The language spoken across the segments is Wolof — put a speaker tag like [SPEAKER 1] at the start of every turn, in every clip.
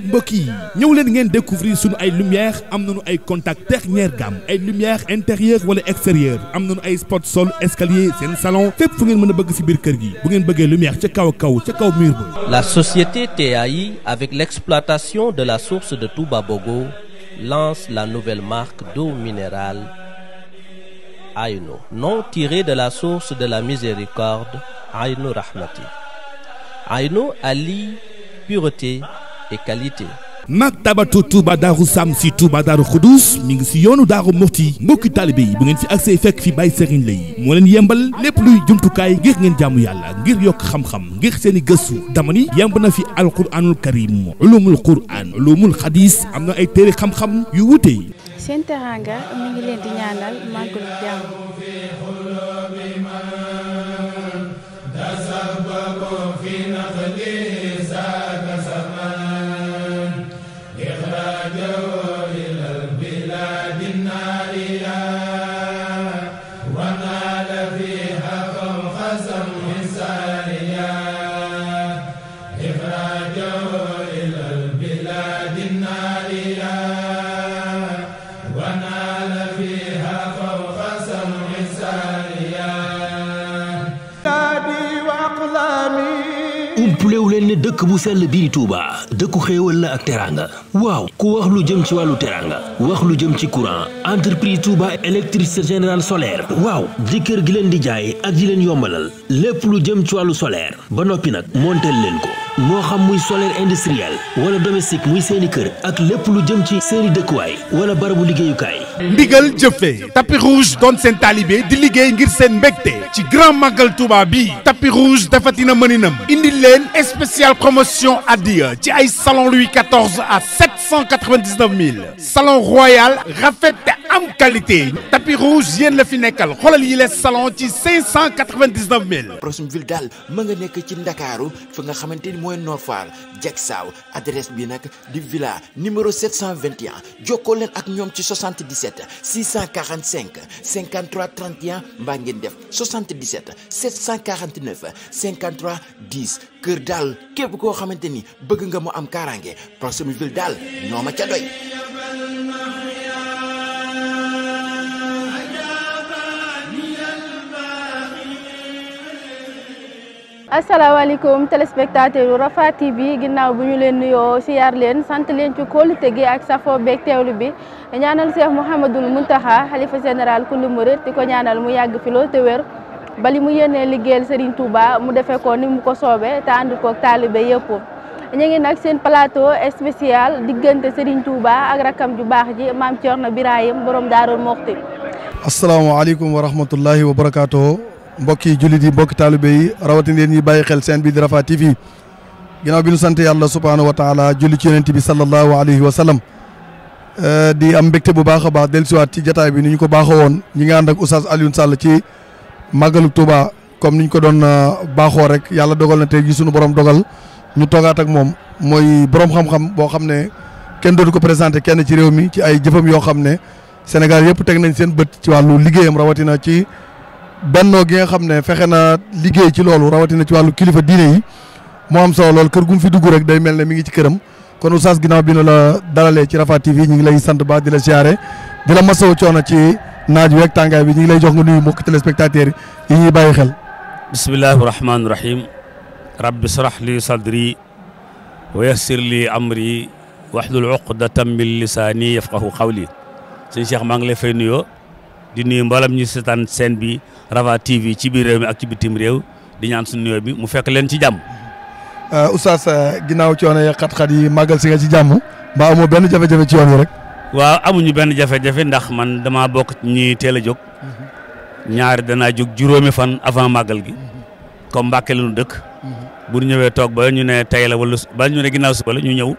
[SPEAKER 1] mbokk yi ñëw leen ngeen découvrir suñu ay lumière am na nañu ay contact dernière gamme ay lumière intérieure wala extérieur am na nañu ay spot sol escalier seen salon fépp fu ngeen mën a bëgg si biir kër gi bu ngeen bëggee lumière ca kaw kaw ca kaw mur ba
[SPEAKER 2] la société TAI avec l'exploitation de la source de Touba Bogo lance la nouvelle marque d'eau minérale Aïno nom tiré de la source de la miséricorde Aïno Rahmati Aïno allie pureté et qualité
[SPEAKER 1] maktabatu Touba Daaru si Touba Daaru Xudus mi ngi si yoonu Daaru Muxti mbokki taalibe yi bu ngeen fi agsee fekk fi Baye Serigne Lay moo leen yembal lépp luy jumtukaay ngir ngeen jaamu yàlla ngir yokk xam-xam ngir seeni i gëstu dama ni yemb na fi alquranul karim ulumul quran ulumul xadis am na ay téere yu wute. ngi
[SPEAKER 2] leen di ñaanal màggalu jàmm.
[SPEAKER 1] ne dëkk bu sell bii Touba dëkku xéewal la ak teraanga waaw ku wax lu jëm ci wàllu teraanga wax lu jëm ci courant entreprise Touba électricité générale solaire waaw di kër gi leen di jaay ak ji leen yombalal lépp lu jëm ci wàllu solaire ba noppi nag monteel leen ko moo xam muy solaire industriel wala domestique muy seeni kër ak lépp lu jëm ci seeni dëkkuwaay wala barabu liggéeyukaay. ndigal jëfee tapis rouge doon seen taalibe di liggéey ngir seen mbégte ci tapis rouge dafatina mëninam indi leen spécial promotion ci ay salon Louis XIV à 799 000 salon royal rafet te am rouge yéen la fi nekkal xoolal yi les salon ci 599 000 Proximville daal ma nga nekk ci Ndakaaru fa nga xamante ni mooy Nord Foire Dieg Saaw adresse bi nag di villa numéro 721 jokkoo leen ak ñoom ci 77 645 53 31 mbaa ngeen def 77 749 79 53 10 kër daal képp koo xamante ni bëgg nga mu am kaaraange Proximiville daal ñoo ma ca doy.
[SPEAKER 2] asalaamaaleykum téléspectateur Rafah TV ginnaaw bu ñu leen nuyoo siyaar leen sant leen ci kóolute gi ak safoo beeg teewlu bi ñaanal Cheikh Mouhamadul Mountakha xalifa général kullu murit di ko ñaanal mu yàgg fi lool te wér. ba li mu yéenee liggéeyal Serigne Touba mu defee ko ni mu ko soobee te ànd koog taalibe yëpp. ñu nag seen plateau spécial diggante Serigne Touba ak rakam ju baax ji maam Thierno Birahim borom Daarul Moxti.
[SPEAKER 3] asalaamaaleykum wa rahmatullahi wa barakaatu mbokki jullit yi mbokki taalibe yi rawatina yéen ñi bàyyi xel seen bi di Rafah TV ginnaaw bi ñu sant yàlla subhaanahu wa taala julli ci yonent bi sallallahu alayhi wa sallam eh, di am mbégte bu baax a baax dellusiwaat ci jataay bi ni ñu ko baaxoo woon ñi nga ànd ak Oustaz Alioune ci. màggalu Touba comme niñ ko doon euh, baaxoo rek yàlla dogal na tey ji suñu borom dogal ñu toogaat ak moom mooy borom xam-xam boo xam ne kenn dootu ko présenté kenn ci réew mi ci ay jëfam yoo xam ne Sénégal yëpp teg nañ seen bët ci wàllu liggéeyam rawatina ci bennoo gi nga xam ne fexe na liggéey ci loolu rawatina ci wàllu kilifa diine yi moo am solo lool kër gu mu fi dugg rek day mel ne mi ngi ci këram kon oustaz ginaaw bi nu la dalalee ci Rafah TV ñu ngi lay sant ba di la siyaare ci. naaj weeg tàngaay bi ñu lay jox nga nuyu mbokki téléspectateurs yi ñuy bàyyi xel.
[SPEAKER 4] bismillahi rahmaani rahim rabbi srah li sadri wa yassir li amri wahlul uqdatan min lisaani yafqahu qawli sëñ Cheikh maa ngi lay fay nuyoo di nuyu mbalam ñu seen bi Rava TV ci biir mi ak ci bitim réew di ñaan suñu nuyoo bi mu fekk leen ci jàmm.
[SPEAKER 3] Euh, oustaz euh, ginnaaw ci ya xat-xat yi màggal si nga ci jàmm mbaa amoo benn jafe-jafe ci yoon rek.
[SPEAKER 4] waaw amuñu benn jafe-jafe ndax man damaa bokk ñi teel a jóg ñaari danaa jóg juróomi fan avant màggal gi comme Mbàkke la ñu dëkk bu ñëwee toog ba ñu ne tey la wala ba ñu ne ginnaaw suba la ñu ñëw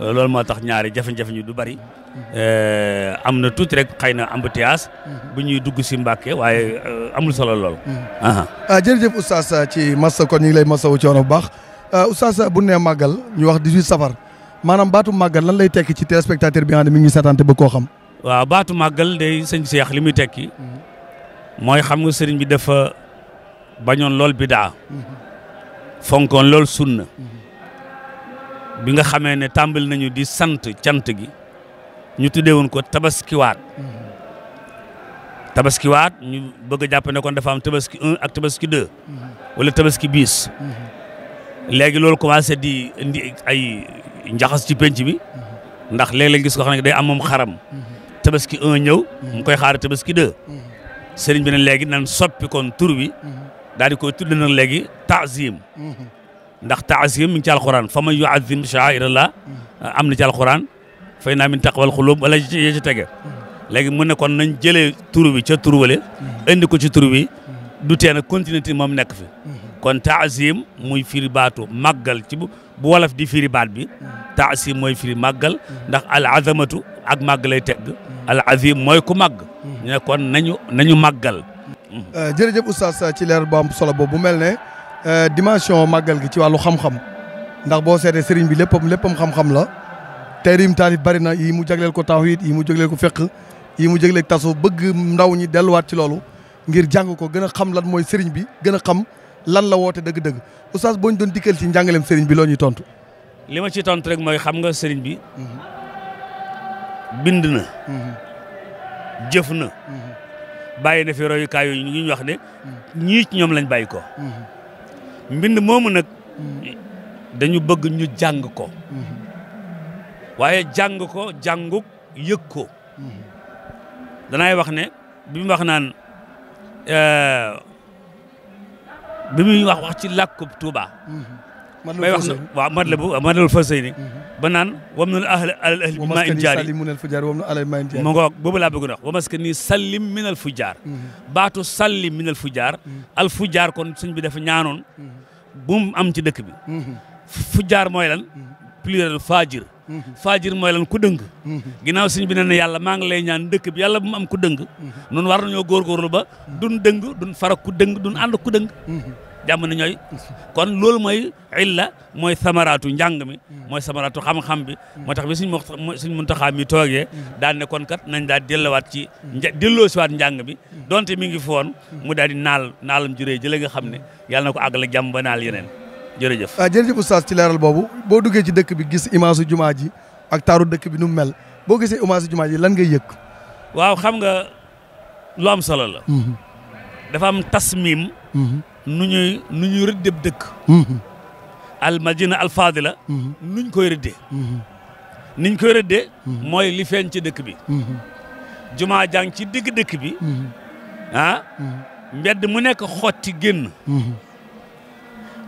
[SPEAKER 4] loolu moo tax ñaari jafe-jafe ñu du bari eh, am na tuuti rek xëy na embouteillage bu ñuy dugg si Mbàkke waaye eh, amul solo lool ah
[SPEAKER 3] jërëjëf oustaz ci massa kon ñu ngi lay ci coono bu baax ah, oustaz bu ne màggal ñu wax 18 safar maanaam baatu màggal lan lay tekki ci téléspectateur bi nga xam ne mi ngi satante ba koo xam.
[SPEAKER 4] waaw baatu màggal day sëñ Cheikh li muy tekki. mooy xam nga sëriñ bi dafa bañoon lool bi daa fonkoon lool sunna. bi nga xamee ne tàmbali nañu di sant cant gi. ñu tuddee woon ko tabaskiwaat. tabaskiwaat ñu bëgg a jàpp ne kon dafa am tabaski un ak tabaski deux. wala tabaski biis. léegi loolu commencé di indi ay njaxas ci penc bi ndax léeg-léeg gis ko xam ne day am moom xaram tabaski un ñëw mu koy xaar tabaski deux sëriñ bi ne léegi nan soppi kon tur bi daal di koy tudd nag léegi taazim ndax taazim mi ngi ci alxuraan fa man yuazim sha'airallah am na ci alxuraan fay naa min taqwal xulub wala ye ci tege léegi mu ne kon nañ jële tur bi ca tur wale indi ko ci tur bi du tee nag continuité moom nekk fi kon taazim muy firi baatu màggal ci bu bu wolof di firi baat bi taasim mooy firi màggal ndax al azamatu ak màgg lay tegg al azim mooy ku màgg ñu kon nañu nañu màggal
[SPEAKER 1] euh,
[SPEAKER 3] jërëjëf oustaz ci leer bu am solo boo bu mel ne euh, dimension màggal gi ci wàllu xam-xam ndax boo seetee sëriñ bi léppam léppam xam-xam la tey rim taalif bari na yi mu jagleel ko tawhid yi mu jagleel ko fiqh yi mu jagleel ko tasu bëgg ndaw ñi delluwaat ci loolu ngir jàng ko gën a xam lan mooy sëriñ bi gën a xam lan la woote dëgg-dëgg oustaz boo ñu doon dikkal ci njàngaleem sëriñ bi loo ñuy tontu.
[SPEAKER 4] lima ma ci tontu rek mooy xam nga sëriñ bi. bind na. jëf na. bàyyi na fi royukaay yooyu ñu ñu wax ne. ñii ci ñoom lañ bàyyi ko. mbind moomu nag. dañu bëgg ñu jàng ko. waaye jàng ko jànguk yëg ko. danaay wax ne bi mu wax naan. Euh, bi muy wax wax ci làkkub Touba.
[SPEAKER 2] Mm-hmm.
[SPEAKER 4] may wax waaw mat la bu mat la fa sëy ba naan wam na ahli al ahli bi maa in jaar yi
[SPEAKER 3] ma
[SPEAKER 4] ngoog boobu laa bëgg a wax wa maska nii sallim min al fujaar mm-hmm. baatu sallim min al fujaar mm-hmm. al fujaar kon suñ bi dafa ñaanoon bu am ci dëkk bi fujaar mooy lan pluriel faajir faajir mooy lan ku dëng ginnaaw sëñ bi ne na yàlla maa ngi lay ñaan dëkk bi yàlla bu mu am ku dëng nun war nañoo góorgóorlu ba dun dëng dun fara ku dëng dun ànd ku dëng jàmm na ñooy kon loolu mooy illa mooy samaraatu njàng mi mooy samaraatu xam-xam bi moo tax bi suñ mun suñ muntaxaa mi toogee daan ne kon kat nañ daal dellowaat ci delloo siwaat njàng bi donte mi ngi foon mu daal di naal naalam juree jële nga xam ne yàlla na ko àggale jàmm ba naal yeneen jërëjëf
[SPEAKER 3] waaw ah, jërëjëf oustaz ci leeral boobu boo duggee ci dëkk bi gis imaasu jumaa ji ak taaru dëkk bi nu mu mel boo gisee imaasu jumaa ji lan ngay yëg
[SPEAKER 4] waaw xam nga lu am solo la mm-hmm. dafa am tasmim mm-hmm. nu ñuy nu ñuy rëddeb dëkk mm-hmm. al madina al fadila nuñ koy rëddee niñ koy rëddee mooy li feeñ ci dëkk bi jumaa jàng ci digg dëkk bi ah? mbedd mu nekk xotti génn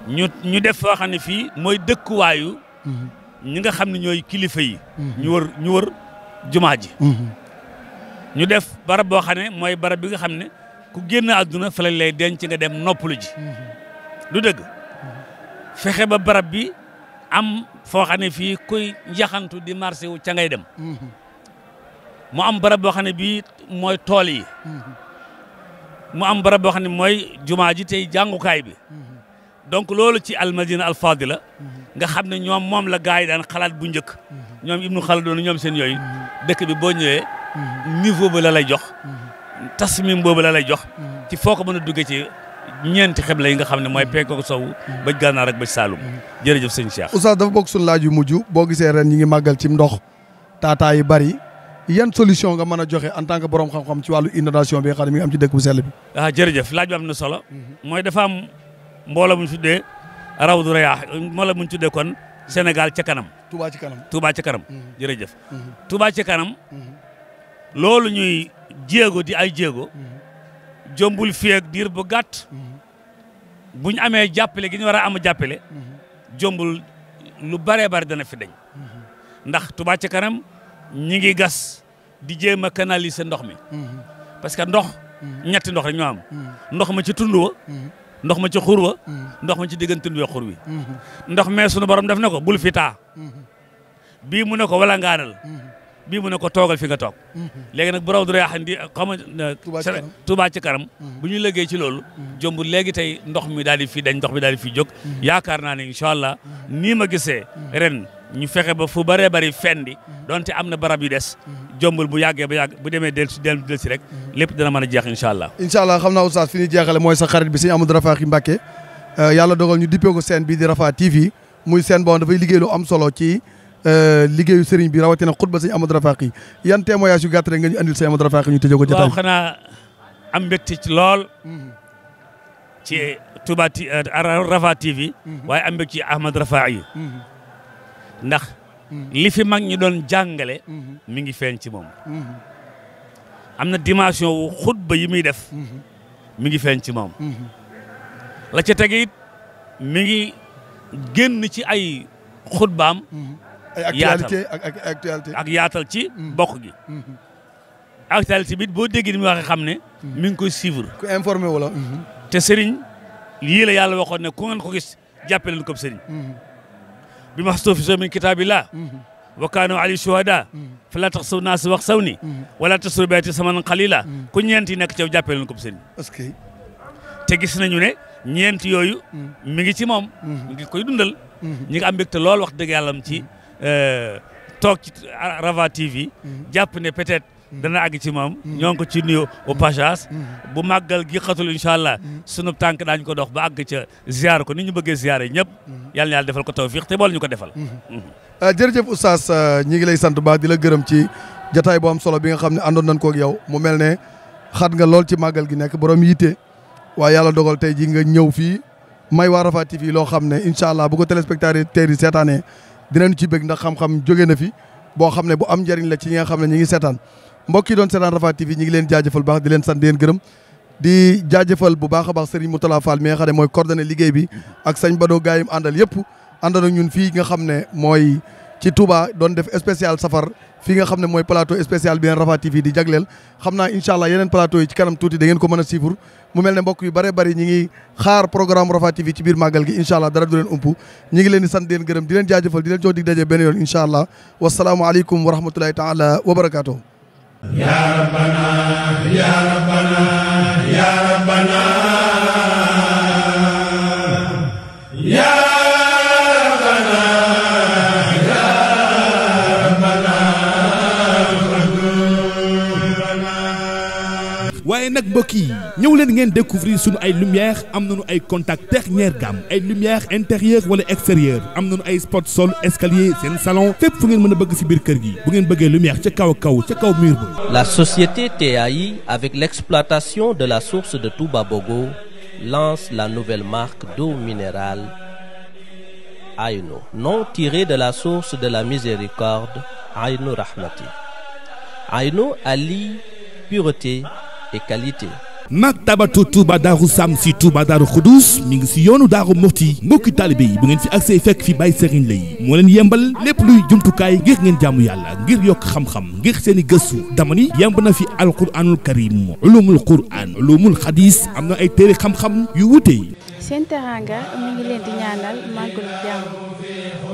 [SPEAKER 4] ñu def foo ne fii mooy dëkkuwaayu. Mm-hmm. ñi nga xam ne ñooy kilifa yi. Mm-hmm. ñu wër jumaa ji. Mm-hmm. ñu def barab boo xam ne mooy barab bi nga xam ne ku génn àdduna fa lañ lay denc nga dem noppulu ji. du dëgg fexe ba barab bi am foo xam fii kuy njaxantu di marché wu ca ngay dem. mu am barab boo xam ne bii mooy tool yi. mu am barab boo xam ne mooy jumaa ji tey jàngukaay bi. donc loolu ci al alfadila nga xam ne ñoom moom la gars yi daan xalaat bu njëkk ñoom ibnu xaladoon ñoom seen yooyu dëkk bi boo ñëwee niveau bi la lay jox tasmim boobu la lay jox ci foo ko mën a duggee ci ñeenti xibla yi nga xam ne mooy mm-hmm. penku sowu ba gànnaar ak ba saalum mm-hmm. jërëjëf sëñ Cheikh
[SPEAKER 3] oustaz dafa bokk suñu laaj yu mujj boo gisee rek ñi ngi màggal ci ndox taataa yi bari yan solution nga mën a joxe en tant que borom xam-xam ci wàllu inondation bi nga xam ne mi ngi am ci dëkk bu sell
[SPEAKER 4] ah, jërëjëf laaj na solo mm-hmm. mbooloo bu ñu tuddee Rawdu Rayaax mbooloo bu ñu tuddee kon Sénégal ca kanam. Touba ci kanam Touba ci kanam. Mm-hmm. jërëjëf. Mm-hmm. Touba ci kanam. Mm-hmm. loolu ñuy jéego di ay jéego. jombul fii ak diir bu gàtt. bu ñu amee jàppale gi ñu war a am jàppale. jombul lu baree bari dana fi deñ ndax Touba ci kanam ñi ngi gas di jéem a canaliser ndox mi. parce que ndox. ñetti ndox rek ñoo am. ndox ma ci tund wa ndox ma ci xur wa mm-hmm. ndox ma ci diggante bi xur wi mm-hmm. ndox mee sunu borom def na ko bul fi taa mm-hmm. bii mu ne ko wala ngaanal bii mu ne ko toogal fi nga toog
[SPEAKER 2] léegi nag bu raw du raaxan
[SPEAKER 4] di xam nga eh, Touba ci kanam bu ñu liggéey ci loolu jomb léegi tey ndox mi daal di fii dañ ndox mi daal di fii jóg yaakaar naa ne incha allah nii ma gisee ren ñu fexe ba fu bëree bëri fendi mhm. donte am na barab yu des mhm. jombul bu yàggee ba yàgg bu demee del si del si rek mhm. lépp dana mën a jeex incha allah
[SPEAKER 3] incha allah xam na oustaz fi ñuy jeexale mooy sa xarit bi sëñ Amadou Rafahi Mbacké euh, yàlla dogal ñu dippee ko seen bii di Rafa TV muy seen bon dafay liggéey loo am solo ci euh, liggéey sëriñ bi rawatina xutba sëñ Amadou Rafahi yan témoignage yu gàtt rek nga ñu andil sëñ Amadou Rafahi ñu tëjee ko jotaay waaw
[SPEAKER 4] xanaa am mbégte ci lool ci Touba euh, Rafa TV am mbégte ci Ahmad Rafahi ndax li fi mag ñi doon jàngale mi ngi feeñ ci moom am na dimension wu xutba yi muy def mi ngi feeñ ci moom la ca tege mi ngi génn ci ay xutbaam yaatal ak yaatal ci mm-hmm. bokk gi actualité bi boo déggee ni waxee xam ne mm-hmm. mi ngi koy suivre ku informé wala mm-hmm. te sëriñ lii la yàlla waxoon ne ku ngeen ko gis jàppe leen comme sëriñ bil mahsuufi min kitaabillah wa kaanu ali shuhada fa laa tax saw naa si wax saw ni wala tasru beeti samanan xalila ku ñeent yi nekk ci yow jàppee leen ko bu seen te gis nañu ne ñeenti yooyu mi ngi ci moom mi mm-hmm. ngi koy dundal mm-hmm. ñi nga am mbégte lool wax dëgg yàllam ci mm-hmm. euh, toog ci Rava TV jàpp ne peut-être dana àgg ci moom ñoo ngi ko ci nuyu o passage mm. bu màggal gi xatul incha allah mm. sunu tànk daañu ko dox ba àgg ca ziar ko ni ñu bëggee ziar yi ñëpp mm. yàlla na defal ko tawfiq te bool ñu ko defal mm-hmm. Mm-hmm.
[SPEAKER 3] Euh, jërëjëf oustaz euh, ñi ngi lay sant baax di la gërëm ci jataay boo am solo bi nga xam ne àndoon nañ kook yow mu mel ne xat nga lool ci màggal gi nekk borom yitte waaye yàlla dogol tey ji nga ñëw fii may waa Rafah TV loo xam ne incha allah bu ko téléspectateurs yi seetaanee dinañ ci bëgg ndax xam-xam jóge na fi boo xam ne bu am njëriñ la ci ñi nga xam ne ñi ngi seetaan mbokk yi doon seetaan Rafah TV ñi ngi leen jaajëfal baax di leen sant di leen gërëm di jaajëfal bu baax a baax Serigne Moutala Fall mi nga xam ne mooy coordonné liggéey bi ak sëñ Badoo gaayim àndal yëpp àndal ñun fii nga xam ne mooy ci Touba doon def spécial safar fii nga xam ne mooy plateau spécial bi leen TV di jagleel xam naa incha allah yeneen plateau yi ci kanam tuuti da ngeen ko mën a siifur mu mel ne mbokk yu bare bari ñi ngi xaar programme Rafah TV ci biir màggal gi incha allah dara du leen ump ñi ngi leen di sant di leen gërëm di leen jaajëfal di leen jox dig daje benn yoon incha ya
[SPEAKER 2] rabbana ya rabbana
[SPEAKER 3] ya rabbana
[SPEAKER 2] ya
[SPEAKER 4] rabbana ya
[SPEAKER 2] rabbana
[SPEAKER 1] waaye nag mbokk yi ñëw leen ngeen découvrir suñu ay lumière am na nañu ay contact dernière gamme ay lumière intérieure wala extérieure am na nañu ay spot sol escalier seen salon fépp fu ngeen mën a bëgg si biir kër gi bu ngeen bëggee lumière ca kaw kaw ca kaw
[SPEAKER 2] mur ba la société TAI avec l'exploitation de la source de Touba Bogo lance la nouvelle marque d'eau minérale Aïno nom tiré de la source de la miséricorde Aïno Rahmati Aïno allie pureté et qualité
[SPEAKER 1] maktabatu Touba Darou Sam si Touba Darou Khoudous mi ngi si yoonu Darou Moxti mbokki taalibe yi bu ngeen fi agsee fekk fi Baye Serigne Lay moo leen yembal lépp luy jumtukaay ngir ngeen jaamu yàlla ngir yokk xam-xam ngir seeni i gëstu dama ni yemb na fi alquranul karim ulumul quran ulumul xadis am na ay téere xam yu wute. ngi
[SPEAKER 2] leen di ñaanal màggalu jàmm.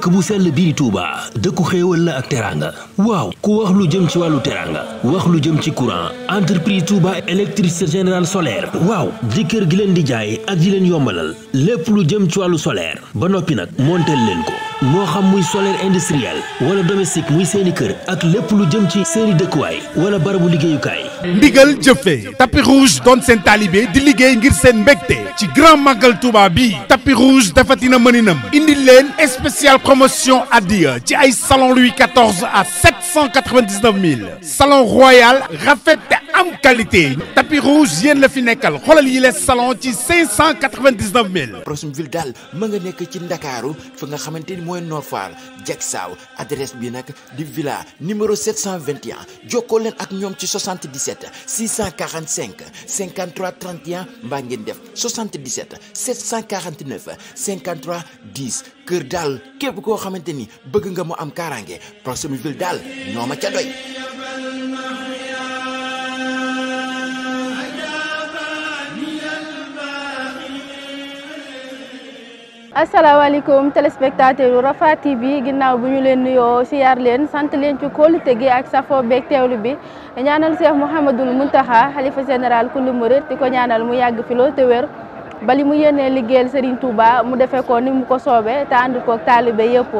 [SPEAKER 1] dëkk bu sell bii di Touba dëkku xéewal la ak teraanga waaw ku wax lu jëm ci wàllu teraanga wax lu jëm ci courant entreprise Touba électricité générale solaire waaw di kër gi leen di jaay ak ji leen yombalal lépp lu jëm ci wàllu solaire ba noppi nag monteel leen ko moo xam muy solaire industriel wala domestique muy seeni kër ak lépp lu jëm ci seeni dëkkuwaay wala barabu liggéeyukaay ndigal jëfee tapis rouge doon seen taalibe di liggéey ngir seen mbégte ci gran magal touba bi na rouge i na indi leen spécial promotion addiya ci ay salon Louis XIV à 799 000 salon royal rafet am qualité tapis rouge yéen la fi nekkal xoolal yi les salon ci cinq cent quatre daal ma nga nekk ci Ndakaaru fa nga xamante ni mooy Nord Foire Jaksaaw adresse bi nag di villa numéro 721 jokkoo leen ak ñoom ci 77 645 53 31 mbaa ngeen def 77 749 53 10 kër daal képp koo xamante ni bëgg nga mu am kaaraange Proximville daal ñoo ma ca doy
[SPEAKER 2] asalaamaaleykum téléspectateur Rafah TV ginnaaw bu ñu leen nuyoo siyaar leen sant leen ci kóolute gi ak safo beeg teewlu bi ñaanal Cheikh Mouhamadul Mountakha xalifa général kullu murid di ko ñaanal mu yàgg filoo lool te wér bali mu yéenee liggéeyal Serigne Touba mu defee ko ni mu ko soobee te ànd koog taalibe yëpp.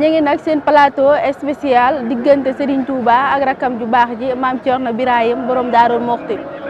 [SPEAKER 2] ñu ngi nag seen plateau spécial diggante Serigne Touba ak rakam ju baax ji maam Thierno Birahim borom Daarul Moxti